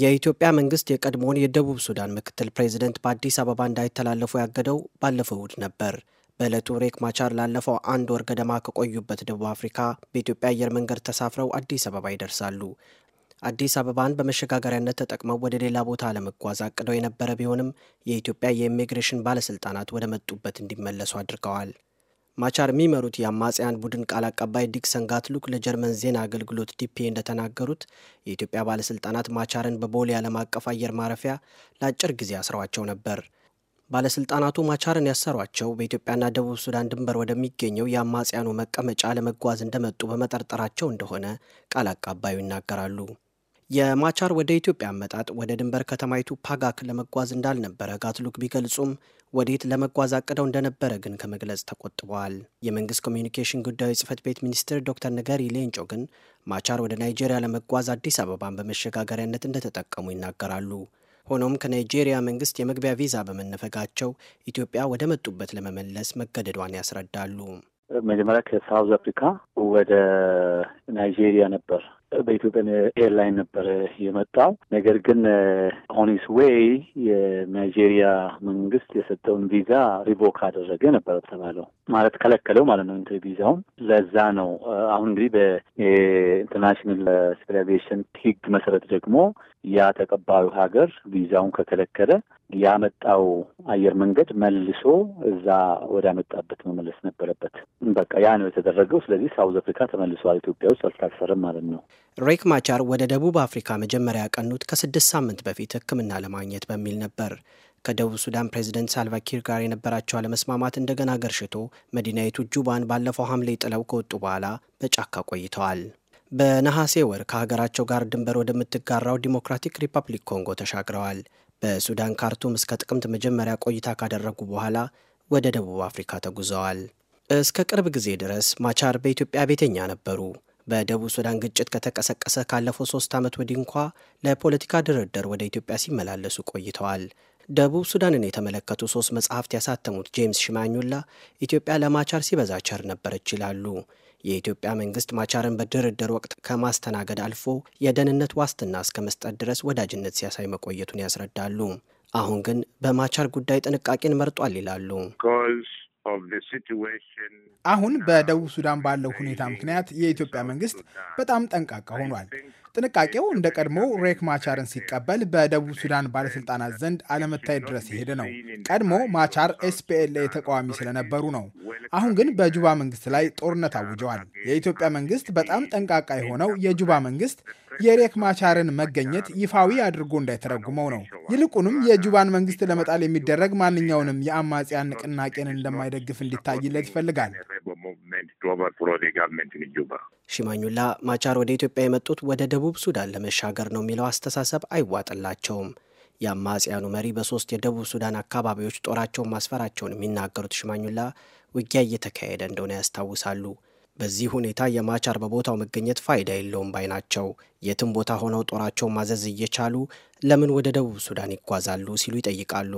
የኢትዮጵያ መንግስት የቀድሞውን የደቡብ ሱዳን ምክትል ፕሬዚደንት በአዲስ አበባ እንዳይተላለፉ ያገደው ባለፈው እሁድ ነበር። በዕለቱ ሬክ ማቻር ላለፈው አንድ ወር ገደማ ከቆዩበት ደቡብ አፍሪካ በኢትዮጵያ አየር መንገድ ተሳፍረው አዲስ አበባ ይደርሳሉ። አዲስ አበባን በመሸጋገሪያነት ተጠቅመው ወደ ሌላ ቦታ ለመጓዝ አቅደው የነበረ ቢሆንም የኢትዮጵያ የኢሚግሬሽን ባለስልጣናት ወደ መጡበት እንዲመለሱ አድርገዋል። ማቻር የሚመሩት የአማጽያን ቡድን ቃል አቀባይ ዲክሰን ጋትሉክ ለጀርመን ዜና አገልግሎት ዲፒ እንደተናገሩት የኢትዮጵያ ባለሥልጣናት ማቻርን በቦሌ ዓለም አቀፍ አየር ማረፊያ ለአጭር ጊዜ አስረዋቸው ነበር። ባለሥልጣናቱ ማቻርን ያሰሯቸው በኢትዮጵያና ደቡብ ሱዳን ድንበር ወደሚገኘው የአማጽያኑ መቀመጫ ለመጓዝ እንደመጡ በመጠርጠራቸው እንደሆነ ቃል አቀባዩ ይናገራሉ። የማቻር ወደ ኢትዮጵያ አመጣጥ ወደ ድንበር ከተማይቱ ፓጋክ ለመጓዝ እንዳልነበረ ጋትሉክ ቢገልጹም ወዴት ለመጓዝ አቅደው እንደነበረ ግን ከመግለጽ ተቆጥበዋል። የመንግስት ኮሚዩኒኬሽን ጉዳዮች ጽህፈት ቤት ሚኒስትር ዶክተር ነገሪ ሌንጮ ግን ማቻር ወደ ናይጄሪያ ለመጓዝ አዲስ አበባን በመሸጋገሪያነት እንደተጠቀሙ ይናገራሉ። ሆኖም ከናይጄሪያ መንግስት የመግቢያ ቪዛ በመነፈጋቸው ኢትዮጵያ ወደ መጡበት ለመመለስ መገደዷን ያስረዳሉ። መጀመሪያ ከሳውዝ አፍሪካ ወደ ናይጄሪያ ነበር በኢትዮጵያን ኤርላይን ነበረ የመጣው። ነገር ግን ኦኒስ ዌይ የናይጄሪያ መንግስት የሰጠውን ቪዛ ሪቮክ አደረገ ነበረ ተባለው፣ ማለት ከለከለው ማለት ነው እንትን ቪዛውን። ለዛ ነው አሁን እንግዲህ በኢንተርናሽናል ሲቪል አቪዬሽን ህግ መሰረት ደግሞ ያ ተቀባዩ ሀገር ቪዛውን ከከለከለ ያመጣው አየር መንገድ መልሶ እዛ ወዳመጣበት መመለስ ነበረበት። በቃ ያ ነው የተደረገው። ስለዚህ ሳውዝ አፍሪካ ተመልሷል፣ ኢትዮጵያ ውስጥ አልታሰረም ማለት ነው። ሬክ ማቻር ወደ ደቡብ አፍሪካ መጀመሪያ ያቀኑት ከስድስት ሳምንት በፊት ሕክምና ለማግኘት በሚል ነበር። ከደቡብ ሱዳን ፕሬዚደንት ሳልቫኪር ጋር የነበራቸው አለመስማማት እንደገና ገርሽቶ መዲናይቱ ጁባን ባለፈው ሐምሌ ጥለው ከወጡ በኋላ በጫካ ቆይተዋል። በነሐሴ ወር ከሀገራቸው ጋር ድንበር ወደምትጋራው ዲሞክራቲክ ሪፐብሊክ ኮንጎ ተሻግረዋል። በሱዳን ካርቱም እስከ ጥቅምት መጀመሪያ ቆይታ ካደረጉ በኋላ ወደ ደቡብ አፍሪካ ተጉዘዋል። እስከ ቅርብ ጊዜ ድረስ ማቻር በኢትዮጵያ ቤተኛ ነበሩ። በደቡብ ሱዳን ግጭት ከተቀሰቀሰ ካለፈው ሶስት ዓመት ወዲህ እንኳ ለፖለቲካ ድርድር ወደ ኢትዮጵያ ሲመላለሱ ቆይተዋል። ደቡብ ሱዳንን የተመለከቱ ሶስት መጽሐፍት ያሳተሙት ጄምስ ሽማኙላ ኢትዮጵያ ለማቻር ሲበዛ ቸር ነበረች ይላሉ። የኢትዮጵያ መንግስት ማቻርን በድርድር ወቅት ከማስተናገድ አልፎ የደህንነት ዋስትና እስከ መስጠት ድረስ ወዳጅነት ሲያሳይ መቆየቱን ያስረዳሉ። አሁን ግን በማቻር ጉዳይ ጥንቃቄን መርጧል ይላሉ። አሁን በደቡብ ሱዳን ባለው ሁኔታ ምክንያት የኢትዮጵያ መንግስት በጣም ጠንቃቃ ሆኗል። ጥንቃቄው እንደ ቀድሞው ሬክ ማቻርን ሲቀበል በደቡብ ሱዳን ባለስልጣናት ዘንድ አለመታየት ድረስ የሄደ ነው። ቀድሞ ማቻር ኤስፒኤልኤ ተቃዋሚ ስለነበሩ ነው። አሁን ግን በጁባ መንግስት ላይ ጦርነት አውጀዋል። የኢትዮጵያ መንግስት በጣም ጠንቃቃ የሆነው የጁባ መንግስት የሬክ ማቻርን መገኘት ይፋዊ አድርጎ እንዳይተረጉመው ነው። ይልቁንም የጁባን መንግስት ለመጣል የሚደረግ ማንኛውንም የአማጽያን ንቅናቄን እንደማይደግፍ እንዲታይለት ይፈልጋል። ሽማኙላ ማቻር ወደ ኢትዮጵያ የመጡት ወደ ደቡብ ሱዳን ለመሻገር ነው የሚለው አስተሳሰብ አይዋጥላቸውም። የአማጽያኑ መሪ በሶስት የደቡብ ሱዳን አካባቢዎች ጦራቸውን ማስፈራቸውን የሚናገሩት ሽማኙላ ውጊያ እየተካሄደ እንደሆነ ያስታውሳሉ። በዚህ ሁኔታ የማቻር በቦታው መገኘት ፋይዳ የለውም ባይ ናቸው። የትም ቦታ ሆነው ጦራቸውን ማዘዝ እየቻሉ ለምን ወደ ደቡብ ሱዳን ይጓዛሉ ሲሉ ይጠይቃሉ።